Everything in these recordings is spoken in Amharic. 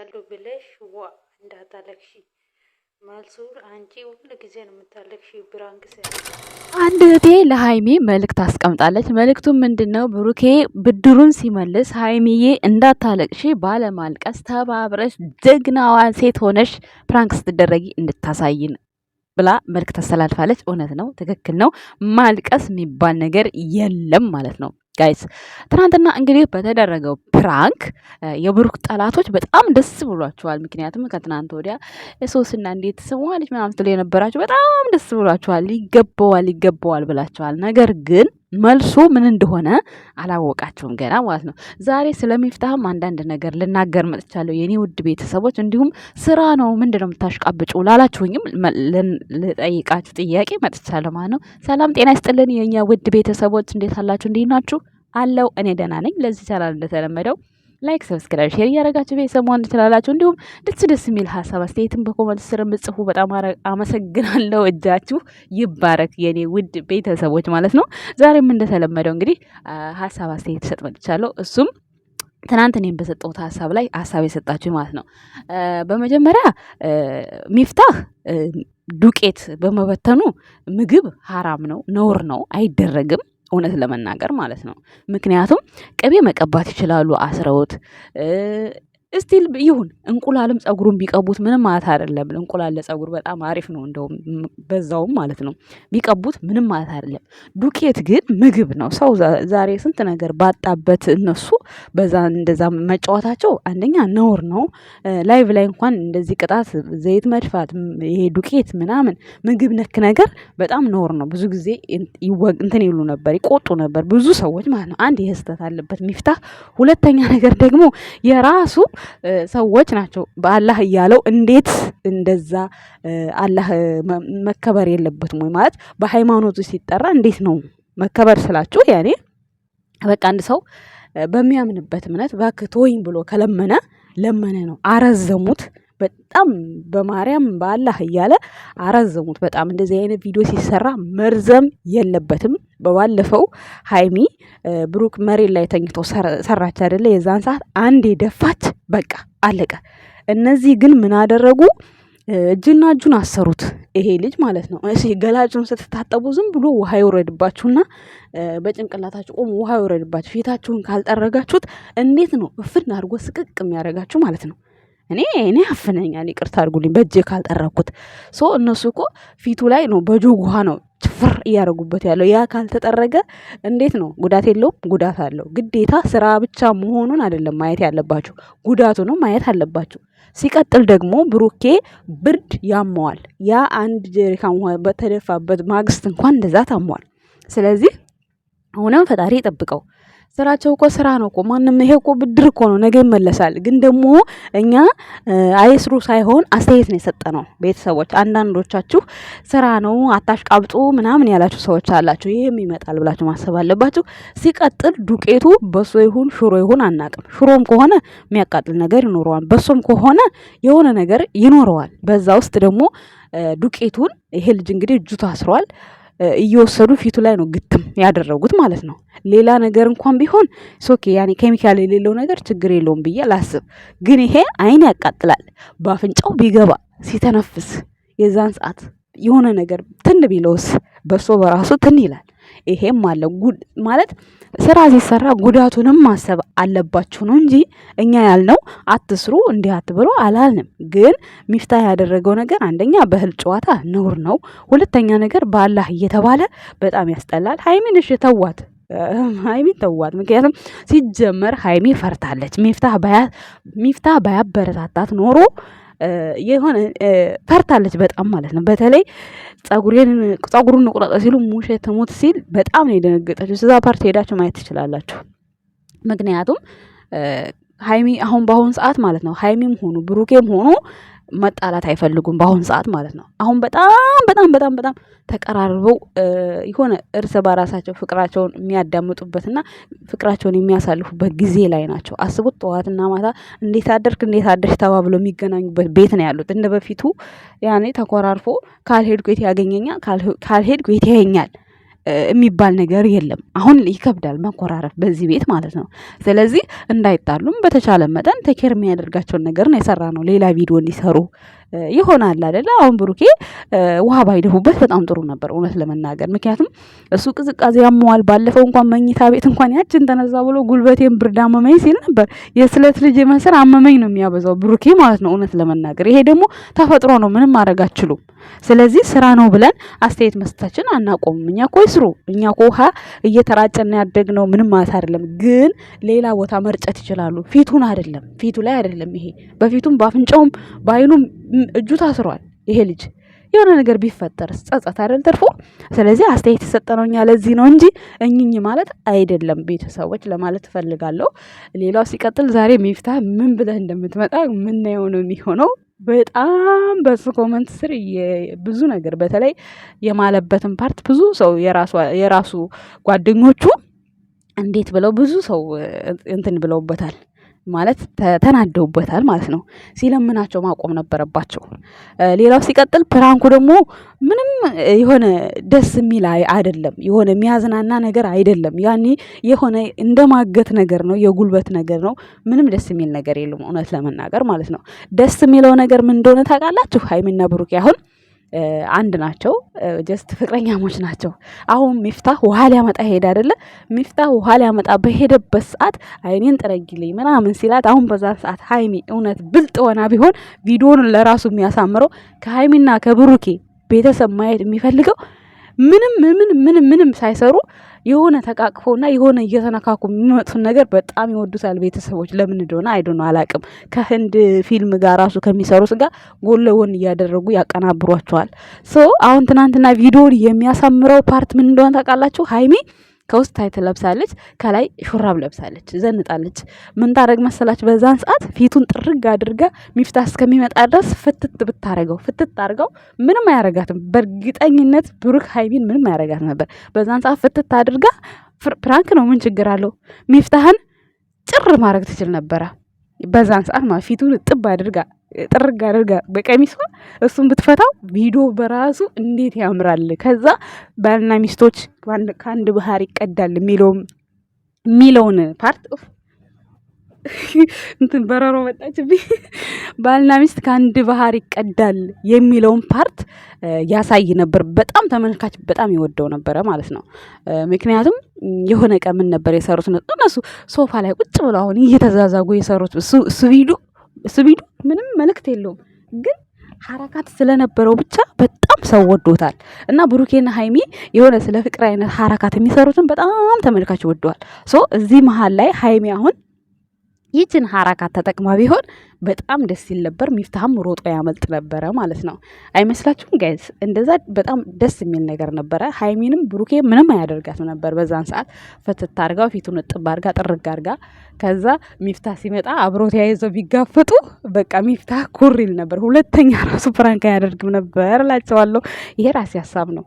ይመልሳሉ ብለሽ ዋ እንዳታለቅሺ። መልሱን አንቺ ሁሉ ጊዜ ነው የምታለቅሺ። ብራንክ አንድ እህቴ ለሀይሚ መልእክት አስቀምጣለች። መልእክቱ ምንድን ነው? ብሩኬ ብድሩን ሲመልስ ሀይሚዬ እንዳታለቅሺ፣ ባለማልቀስ ተባብረሽ ጀግናዋ ሴት ሆነሽ ፕራንክ ስትደረጊ ነው ብላ መልክ አስተላልፋለች። እውነት ነው፣ ትክክል ነው። ማልቀስ የሚባል ነገር የለም ማለት ነው። ጋይስ ትናንትና እንግዲህ በተደረገው ፕራንክ የብሩክ ጠላቶች በጣም ደስ ብሏቸዋል። ምክንያቱም ከትናንት ወዲያ ሶስና እንዴት ስሟለች ምናምን ስትል የነበራቸው በጣም ደስ ብሏችኋል። ይገባዋል ይገባዋል ብላቸዋል። ነገር ግን መልሱ ምን እንደሆነ አላወቃቸውም ገና ማለት ነው። ዛሬ ስለሚፍታህም አንዳንድ ነገር ልናገር መጥቻለሁ የኔ ውድ ቤተሰቦች። እንዲሁም ስራ ነው ምንድን ነው የምታሽቃብጩ ላላችሁኝም ልጠይቃችሁ ጥያቄ መጥቻለሁ ማለት ነው። ሰላም ጤና ይስጥልን የእኛ ውድ ቤተሰቦች፣ እንዴት አላችሁ? እንዲህ ናችሁ? አለው እኔ ደህና ነኝ። ለዚህ ቻናል እንደተለመደው ላይክ፣ ሰብስክራይብ፣ ሼር እያደረጋችሁ ቤተሰብ መሆን ትችላላችሁ። እንዲሁም ደስ ደስ የሚል ሀሳብ አስተያየትም በኮመንት ስር የምጽፉ በጣም አመሰግናለሁ። እጃችሁ ይባረክ የኔ ውድ ቤተሰቦች ማለት ነው። ዛሬም እንደተለመደው እንግዲህ ሀሳብ አስተያየት ሰጥ መጥቻለሁ። እሱም ትናንት እኔም በሰጠሁት ሀሳብ ላይ ሀሳብ የሰጣችሁ ማለት ነው። በመጀመሪያ ሚፍታህ ዱቄት በመበተኑ ምግብ ሀራም ነው፣ ነውር ነው፣ አይደረግም እውነት ለመናገር ማለት ነው። ምክንያቱም ቅቤ መቀባት ይችላሉ አስረውት እስቲል ይሁን እንቁላልም ጸጉሩን ቢቀቡት ምንም ማለት አይደለም። እንቁላል ለጸጉር በጣም አሪፍ ነው፣ እንደውም በዛውም ማለት ነው ቢቀቡት ምንም ማለት አይደለም። ዱቄት ግን ምግብ ነው። ሰው ዛሬ ስንት ነገር ባጣበት እነሱ በዛ እንደዛ መጫወታቸው አንደኛ ነውር ነው። ላይቭ ላይ እንኳን እንደዚህ ቅጣት፣ ዘይት መድፋት፣ ይሄ ዱቄት ምናምን ምግብ ነክ ነገር በጣም ነውር ነው። ብዙ ጊዜ እንትን ይሉ ነበር፣ ይቆጡ ነበር ብዙ ሰዎች ማለት ነው። አንድ ይህ ስህተት አለበት ሚፍታህ። ሁለተኛ ነገር ደግሞ የራሱ ሰዎች ናቸው። በአላህ እያለው እንዴት እንደዛ አላህ መከበር የለበትም ወይ ማለት በሃይማኖቱ ሲጠራ እንዴት ነው መከበር ስላችሁ ያኔ በቃ አንድ ሰው በሚያምንበት እምነት እባክህ ተወኝ ብሎ ከለመነ ለመነ ነው። አረዘሙት በጣም በማርያም በአላህ እያለ አረዘሙት በጣም። እንደዚህ አይነት ቪዲዮ ሲሰራ መርዘም የለበትም። በባለፈው ሀይሚ ብሩክ መሬት ላይ ተኝቶ ሰራች አይደለ? የዛን ሰዓት አንድ የደፋች በቃ አለቀ። እነዚህ ግን ምን አደረጉ? እጅና እጁን አሰሩት። ይሄ ልጅ ማለት ነው። እሺ ገላጭን ስትታጠቡ ዝም ብሎ ውሃ ይውረድባችሁና በጭንቅላታችሁ ቆሞ ውሃ ይውረድባችሁ። ፊታችሁን ካልጠረጋችሁት እንዴት ነው እፍን አድርጎ ስቅቅ የሚያደርጋችሁ ማለት ነው። እኔ እኔ አፍነኛል፣ ይቅርታ አድርጉልኝ በእጄ ካልጠረኩት። ሶ እነሱ እኮ ፊቱ ላይ ነው በጆግ ውሃ ነው ጭፍር እያደረጉበት ያለው። ያ ካልተጠረገ እንዴት ነው? ጉዳት የለውም? ጉዳት አለው። ግዴታ ስራ ብቻ መሆኑን አይደለም ማየት ያለባችሁ፣ ጉዳቱንም ማየት አለባችሁ። ሲቀጥል ደግሞ ብሩኬ ብርድ ያመዋል። ያ አንድ ጀሪካን ውሃ በተደፋበት ማግስት እንኳን እንደዛ ታመዋል። ስለዚህ አሁንም ፈጣሪ ይጠብቀው። ስራቸው እኮ ስራ ነው እኮ ማንም ይሄ እኮ ብድር እኮ ነው፣ ነገ ይመለሳል። ግን ደግሞ እኛ አይስሩ ሳይሆን አስተያየት ነው የሰጠ ነው። ቤተሰቦች አንዳንዶቻችሁ ስራ ነው አታሽቃብጡ ምናምን ያላችሁ ሰዎች አላችሁ። ይህም ይመጣል ብላችሁ ማሰብ አለባችሁ። ሲቀጥል ዱቄቱ በሶ ይሁን ሽሮ ይሁን አናቅም። ሽሮም ከሆነ የሚያቃጥል ነገር ይኖረዋል፣ በሶም ከሆነ የሆነ ነገር ይኖረዋል። በዛ ውስጥ ደግሞ ዱቄቱን ይሄ ልጅ እንግዲህ እጁ ታስሯል። እየወሰዱ ፊቱ ላይ ነው ግትም ያደረጉት ማለት ነው። ሌላ ነገር እንኳን ቢሆን ሶኬ ያኔ ኬሚካል የሌለው ነገር ችግር የለውም ብዬ ላስብ፣ ግን ይሄ አይን ያቃጥላል። በአፍንጫው ቢገባ ሲተነፍስ የዛን ሰዓት የሆነ ነገር ትን ቢለውስ በሶ በራሱ ትን ይላል። ይሄም አለ ማለት ስራ ሲሰራ ጉዳቱንም ማሰብ አለባችሁ ነው እንጂ እኛ ያልነው አትስሩ እንዲህ አትብሎ አላልንም። ግን ሚፍታ ያደረገው ነገር አንደኛ በህል ጨዋታ ነውር ነው። ሁለተኛ ነገር በአላህ እየተባለ በጣም ያስጠላል። ሀይሚን ተዋት ሀይሚን ተዋት። ምክንያቱም ሲጀመር ሀይሚ ፈርታለች። ሚፍታ ባያበረታታት ኖሮ የሆነ ፈርታለች በጣም ማለት ነው። በተለይ ጸጉሩን ንቁረጠ ሲሉ ሙሼ ትሙት ሲል በጣም ነው የደነገጠችው። ስዛ ፓርት ሄዳችሁ ማየት ትችላላችሁ። ምክንያቱም ሀይሚ አሁን በአሁኑ ሰዓት ማለት ነው ሀይሚም ሆኑ ብሩኬም ሆኑ መጣላት አይፈልጉም በአሁን ሰዓት ማለት ነው። አሁን በጣም በጣም በጣም በጣም ተቀራርበው የሆነ እርስ በራሳቸው ፍቅራቸውን የሚያዳምጡበትና ፍቅራቸውን የሚያሳልፉበት ጊዜ ላይ ናቸው። አስቡት፣ ጠዋትና ማታ እንዴት አደርክ እንዴት አደርሽ ተባብሎ የሚገናኙበት ቤት ነው ያሉት። እንደ በፊቱ ያኔ ተኮራርፎ ካልሄድኩ የት ያገኘኛል፣ ካልሄድኩ የት ያየኛል የሚባል ነገር የለም። አሁን ይከብዳል መኮራረፍ በዚህ ቤት ማለት ነው። ስለዚህ እንዳይጣሉም በተቻለ መጠን ቴኬር የሚያደርጋቸውን ነገር ነው የሰራ ነው ሌላ ቪዲዮ እንዲሰሩ ይሆናል አይደለ? አሁን ብሩኬ ውሃ ባይደፉበት በጣም ጥሩ ነበር እውነት ለመናገር ምክንያቱም እሱ ቅዝቃዜ ያመዋል። ባለፈው እንኳን መኝታ ቤት እንኳን ያችን ተነዛ ብሎ ጉልበቴን ብርድ አመመኝ ሲል ነበር። የስለት ልጅ መስር አመመኝ ነው የሚያበዛው ብሩኬ ማለት ነው እውነት ለመናገር ይሄ ደግሞ ተፈጥሮ ነው፣ ምንም ማድረግ አችሉም። ስለዚህ ስራ ነው ብለን አስተያየት መስጠታችን አናቆምም። እኛ እኮ ይስሩ፣ እኛ እኮ ውሃ እየተራጨና ያደግ ነው ምንም ማለት አይደለም። ግን ሌላ ቦታ መርጨት ይችላሉ። ፊቱን አይደለም ፊቱ ላይ አይደለም። ይሄ በፊቱም በአፍንጫውም በአይኑም እጁ ታስሯል። ይሄ ልጅ የሆነ ነገር ቢፈጠር ጸጸት አይደል ትርፎ። ስለዚህ አስተያየት የሰጠነው እኛ ለዚህ ነው እንጂ እኝኝ ማለት አይደለም ቤተሰቦች ለማለት እፈልጋለሁ። ሌላው ሲቀጥል ዛሬ ሚፍታ ምን ብለህ እንደምትመጣ ምናየው ነው የሚሆነው። በጣም በሱ ኮመንት ስር ብዙ ነገር በተለይ የማለበትን ፓርት ብዙ ሰው የራሱ ጓደኞቹ እንዴት ብለው ብዙ ሰው እንትን ብለውበታል። ማለት ተናደውበታል ማለት ነው። ሲለምናቸው ማቆም ነበረባቸው። ሌላው ሲቀጥል ፕራንኩ ደግሞ ምንም የሆነ ደስ የሚል አይደለም፣ የሆነ የሚያዝናና ነገር አይደለም። ያኔ የሆነ እንደማገት ነገር ነው፣ የጉልበት ነገር ነው። ምንም ደስ የሚል ነገር የለም፣ እውነት ለመናገር ማለት ነው። ደስ የሚለው ነገር ምን እንደሆነ ታውቃላችሁ? ሀይሚና ብሩኬ አሁን አንድ ናቸው። ጀስት ፍቅረኛሞች ናቸው። አሁን ሚፍታህ ውሃ ሊያመጣ ሄድ አይደለ? ሚፍታህ ውሃ ሊያመጣ በሄደበት ሰዓት አይኔን ጥረጊልኝ ምናምን ሲላት፣ አሁን በዛ ሰዓት ሀይሚ እውነት ብልጥ ሆና ቢሆን ቪዲዮን ለራሱ የሚያሳምረው ከሀይሚና ከብሩኬ ቤተሰብ ማየት የሚፈልገው ምንም ምን ምንም ምንም ሳይሰሩ የሆነ ተቃቅፈውና የሆነ እየተነካኩ የሚመጡትን ነገር በጣም ይወዱታል ቤተሰቦች። ለምን እንደሆነ ነው አላቅም። ከህንድ ፊልም ጋር ራሱ ከሚሰሩት ጋር ጎን ለጎን እያደረጉ ያቀናብሯቸዋል። ሶ አሁን ትናንትና ቪዲዮን የሚያሳምረው ፓርት ምን እንደሆነ ታውቃላችሁ? ሀይሜ ከውስጥ ታይት ለብሳለች፣ ከላይ ሹራብ ለብሳለች፣ ዘንጣለች። ምን ታረግ መሰላች? በዛን ሰዓት ፊቱን ጥርግ አድርጋ ሚፍታ እስከሚመጣ ድረስ ፍትት ብታረገው ፍትት አድርገው ምንም አያረጋትም። በእርግጠኝነት ብሩክ ሀይሚን ምንም አያረጋት ነበር። በዛን ሰዓት ፍትት አድርጋ ፕራንክ ነው ምን ችግር አለው? ሚፍታህን ጭር ማድረግ ትችል ነበረ። በዛን ሰዓት ፊቱን ጥብ አድርጋ ጥርግ አድርጋ በቀሚሷ እሱን ብትፈታው ቪዲዮ በራሱ እንዴት ያምራል። ከዛ ባልና ሚስቶች ከአንድ ባህር ይቀዳል የሚለውም የሚለውን ፓርት እንትን በረሮ መጣችብኝ። ባልና ሚስት ከአንድ ባህር ይቀዳል የሚለውን ፓርት ያሳይ ነበር። በጣም ተመልካች በጣም የወደው ነበረ ማለት ነው። ምክንያቱም የሆነ ቀን ምን ነበር የሰሩት እነሱ ሶፋ ላይ ቁጭ ብለው አሁን እየተዛዛጉ የሰሩት እሱ ቪዲዮ ምንም መልእክት የለውም ግን ሀረካት ስለነበረው ብቻ በጣም ሰው ወዶታል። እና ብሩኬና ሀይሚ የሆነ ስለ ፍቅር አይነት ሀረካት የሚሰሩትን በጣም ተመልካች ወደዋል። ሶ እዚህ መሀል ላይ ሀይሚ አሁን ይችን ሀራካት ተጠቅማ ቢሆን በጣም ደስ ይል ነበር። ሚፍታህም ሮጦ ያመልጥ ነበረ ማለት ነው። አይመስላችሁም ጋይዝ? እንደዛ በጣም ደስ የሚል ነገር ነበረ። ሀይሚንም ብሩኬ ምንም አያደርጋትም ነበር በዛን ሰዓት። ፈትታ አርጋው ፊቱን እጥብ አርጋ ጥርግ አርጋ፣ ከዛ ሚፍታህ ሲመጣ አብሮ ተያይዘው ቢጋፈጡ በቃ ሚፍታህ ኩር ይል ነበር። ሁለተኛ ራሱ ፕራንክ አያደርግም ነበር እላቸዋለሁ። ይሄ ራሴ ሀሳብ ነው።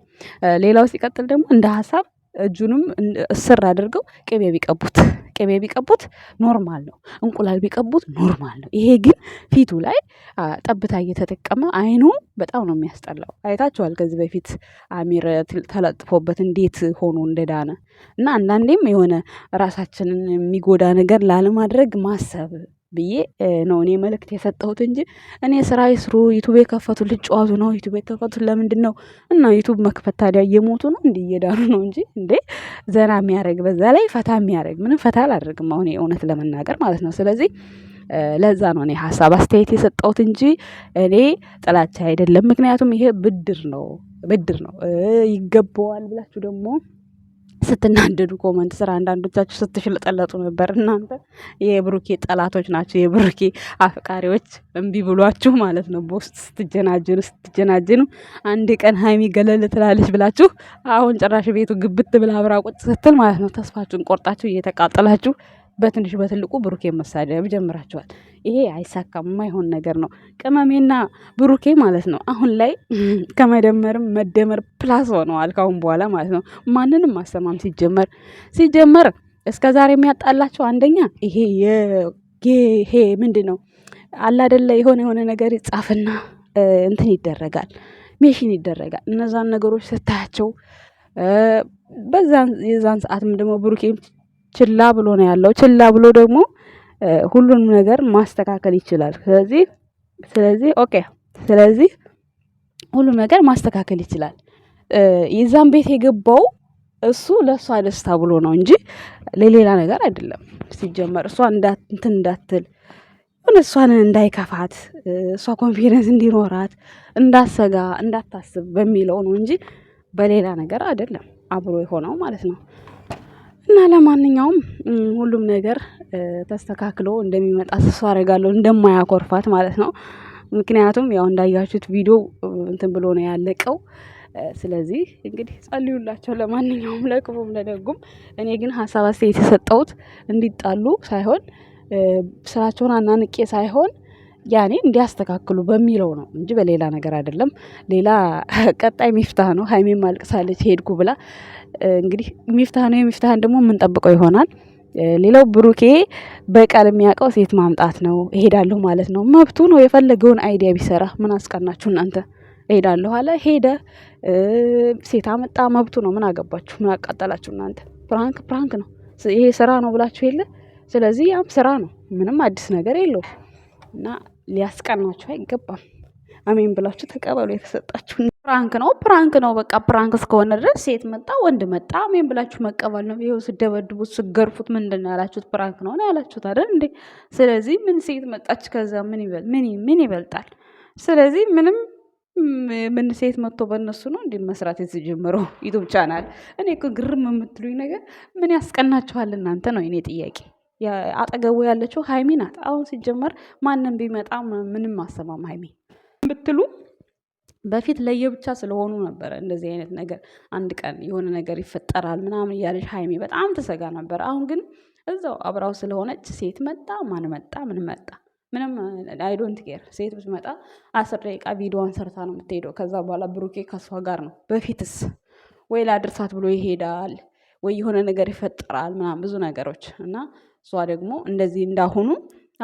ሌላው ሲቀጥል ደግሞ እንደ ሀሳብ እጁንም እስር አድርገው ቅቤ ቢቀቡት ቅቤ ቢቀቡት ኖርማል ነው። እንቁላል ቢቀቡት ኖርማል ነው። ይሄ ግን ፊቱ ላይ ጠብታ እየተጠቀመ አይኑ በጣም ነው የሚያስጠላው። አይታችኋል ከዚህ በፊት አሚር ተለጥፎበት እንዴት ሆኖ እንደዳነ እና አንዳንዴም የሆነ ራሳችንን የሚጎዳ ነገር ላለማድረግ ማሰብ ብዬ ነው እኔ መልእክት የሰጠሁት እንጂ እኔ ስራ ይስሩ ዩቱብ የከፈቱ ሊጫወቱ ነው ዩቱብ የከፈቱ ለምንድን ነው እና ዩቱብ መክፈት ታዲያ እየሞቱ ነው እንዲ እየዳሩ ነው እንጂ እንዴ ዘና የሚያደርግ በዛ ላይ ፈታ የሚያደርግ ምንም ፈታ አላደርግም አሁን እውነት ለመናገር ማለት ነው ስለዚህ ለዛ ነው እኔ ሀሳብ አስተያየት የሰጠሁት እንጂ እኔ ጥላቻ አይደለም። ምክንያቱም ይሄ ብድር ነው ብድር ነው ይገባዋል ብላችሁ ደግሞ ስትናደዱ ኮመንት ስራ አንዳንዶቻችሁ ስትሽለጠለጡ ነበር። እናንተ የብሩኬ ጠላቶች ናቸው፣ የብሩኬ አፍቃሪዎች እምቢ ብሏችሁ ማለት ነው። በውስጥ ስትጀናጅኑ ስትጀናጅኑ አንድ ቀን ሀይሚ ገለል ትላለች ብላችሁ አሁን ጭራሽ ቤቱ ግብት ብላ አብራ ቁጭ ስትል ማለት ነው ተስፋችሁን ቆርጣችሁ እየተቃጠላችሁ በትንሽ በትልቁ ብሩኬን መሳደብ ጀምራችኋል። ይሄ አይሳካም፣ የማይሆን ነገር ነው። ቅመሜና ብሩኬ ማለት ነው አሁን ላይ ከመደመርም መደመር ፕላስ ሆነዋል፣ ካሁን በኋላ ማለት ነው። ማንንም አሰማም ሲጀመር ሲጀመር እስከ ዛሬ የሚያጣላቸው አንደኛ ይሄ ይሄ ምንድን ነው አላደለ የሆነ የሆነ ነገር ይጻፍና እንትን ይደረጋል፣ ሜሽን ይደረጋል። እነዛን ነገሮች ስታያቸው በዛን የዛን ሰዓትም ደግሞ ብሩኬ ችላ ብሎ ነው ያለው። ችላ ብሎ ደግሞ ሁሉንም ነገር ማስተካከል ይችላል። ስለዚህ ስለዚህ ኦኬ ስለዚህ ሁሉም ነገር ማስተካከል ይችላል። የዛን ቤት የገባው እሱ ለእሷ ደስታ ብሎ ነው እንጂ ለሌላ ነገር አይደለም። ሲጀመር እሷ እንትን እንዳትል እሷን እንዳይከፋት እሷ ኮንፊደንስ እንዲኖራት እንዳሰጋ እንዳታስብ በሚለው ነው እንጂ በሌላ ነገር አይደለም አብሮ የሆነው ማለት ነው። እና ለማንኛውም ሁሉም ነገር ተስተካክሎ እንደሚመጣ ተስፋ አደርጋለሁ፣ እንደማያኮርፋት ማለት ነው። ምክንያቱም ያው እንዳያችሁት ቪዲዮ እንትን ብሎ ነው ያለቀው። ስለዚህ እንግዲህ ጸልዩላቸው፣ ለማንኛውም ለክፉም ለደጉም። እኔ ግን ሀሳብ አስተያየት የሰጠሁት እንዲጣሉ ሳይሆን ስራቸውን አናንቄ ሳይሆን ያኔ እንዲያስተካክሉ በሚለው ነው እንጂ በሌላ ነገር አይደለም። ሌላ ቀጣይ ሚፍታህ ነው። ሀይሜም አልቅሳለች ሄድኩ ብላ እንግዲህ ሚፍታህ ነው። የሚፍታህን ደግሞ የምንጠብቀው ይሆናል። ሌላው ብሩኬ በቃል የሚያውቀው ሴት ማምጣት ነው። እሄዳለሁ ማለት ነው። መብቱ ነው። የፈለገውን አይዲያ ቢሰራ ምን አስቀናችሁ እናንተ? እሄዳለሁ አለ ሄደ። ሴት አመጣ መብቱ ነው። ምን አገባችሁ? ምን አቃጠላችሁ እናንተ? ፕራንክ ፕራንክ ነው። ይሄ ስራ ነው ብላችሁ የለ። ስለዚህ ያም ስራ ነው። ምንም አዲስ ነገር የለውም። እና ሊያስቀናችሁ አይገባም። አሜን ብላችሁ ተቀበሉ የተሰጣችሁ። ፕራንክ ነው ፕራንክ ነው በቃ ፕራንክ እስከሆነ ድረስ ሴት መጣ ወንድ መጣ አሜን ብላችሁ መቀበል ነው። ይኸው ስደበድቡት ስገርፉት ምንድን ነው ያላችሁት? ፕራንክ ነው ያላችሁት አይደል እንዴ? ስለዚህ ምን ሴት መጣች ከዛ ምን ይበልጣል? ስለዚህ ምንም ምን ሴት መጥቶ በእነሱ ነው እንዲህ መስራት የተጀመረው ዩቱብ ቻናል። እኔ ግርም የምትሉኝ ነገር ምን ያስቀናችኋል እናንተ ነው የኔ ጥያቄ። አጠገቡ ያለችው ሀይሚ ናት። አሁን ሲጀመር ማንም ቢመጣ ምንም አሰማም ሀይሚ ብትሉ በፊት ለየብቻ ስለሆኑ ነበረ እንደዚህ አይነት ነገር አንድ ቀን የሆነ ነገር ይፈጠራል ምናምን እያለች ሀይሚ በጣም ትሰጋ ነበር። አሁን ግን እዛው አብራው ስለሆነች ሴት መጣ ማን መጣ ምን መጣ ምንም አይዶንት ዶንት ኬር። ሴት ብትመጣ አስር ደቂቃ ቪዲዮዋን ሰርታ ነው የምትሄደው። ከዛ በኋላ ብሩኬ ከሷ ጋር ነው። በፊትስ ወይ ላድርሳት ብሎ ይሄዳል ወይ የሆነ ነገር ይፈጠራል ምናምን ብዙ ነገሮች እና እሷ ደግሞ እንደዚህ እንዳሁኑ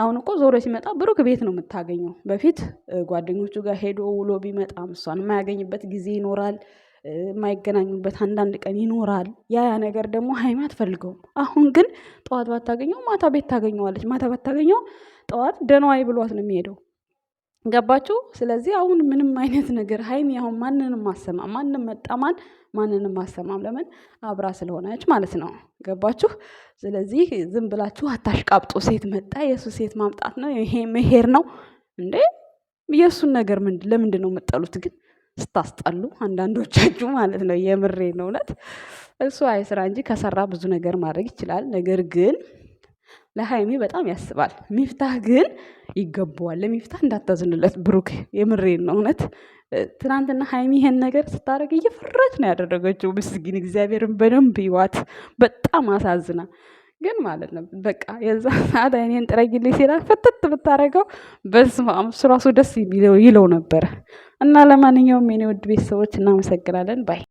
አሁን እኮ ዞሮ ሲመጣ ብሩክ ቤት ነው የምታገኘው። በፊት ጓደኞቹ ጋር ሄዶ ውሎ ቢመጣም እሷን የማያገኝበት ጊዜ ይኖራል፣ የማይገናኙበት አንዳንድ ቀን ይኖራል። ያ ያ ነገር ደግሞ ሀይሚ አትፈልገውም። አሁን ግን ጠዋት ባታገኘው ማታ ቤት ታገኘዋለች፣ ማታ ባታገኘው ጠዋት ደህና ዋይ ብሏት ነው የሚሄደው። ገባችሁ? ስለዚህ አሁን ምንም አይነት ነገር ሀይሚ አሁን ማንንም አሰማም፣ ማንም መጣማን ማንንም አሰማም። ለምን አብራ ስለሆነች ማለት ነው። ገባችሁ? ስለዚህ ዝም ብላችሁ ቃብጦ ሴት መጣ የእሱ ሴት ማምጣት ነው ይሄ መሄር ነው እንዴ? የእሱን ነገር ለምንድን ነው የምጠሉት? ግን ስታስጠሉ አንዳንዶቻችሁ ማለት ነው። የምሬ ነው እውነት። እሱ አይ ስራ እንጂ ከሰራ ብዙ ነገር ማድረግ ይችላል። ነገር ግን ለሀይሚ በጣም ያስባል። ሚፍታህ ግን ይገባዋል። ለሚፍታህ እንዳታዝንለት ብሩክ፣ የምሬን ነው እውነት። ትናንትና ሀይሚ ይሄን ነገር ስታደርግ እየፈራች ነው ያደረገችው። ምስግን እግዚአብሔርን በደንብ ይዋት። በጣም አሳዝና ግን ማለት ነው በቃ የዛ ሰዓት አይኔን ጥረጊልኝ ሲላል ፍትት ብታደረገው በስመ አብ እሱ ራሱ ደስ ይለው ነበር። እና ለማንኛውም የኔ ውድ ቤተሰቦች እናመሰግናለን ባይ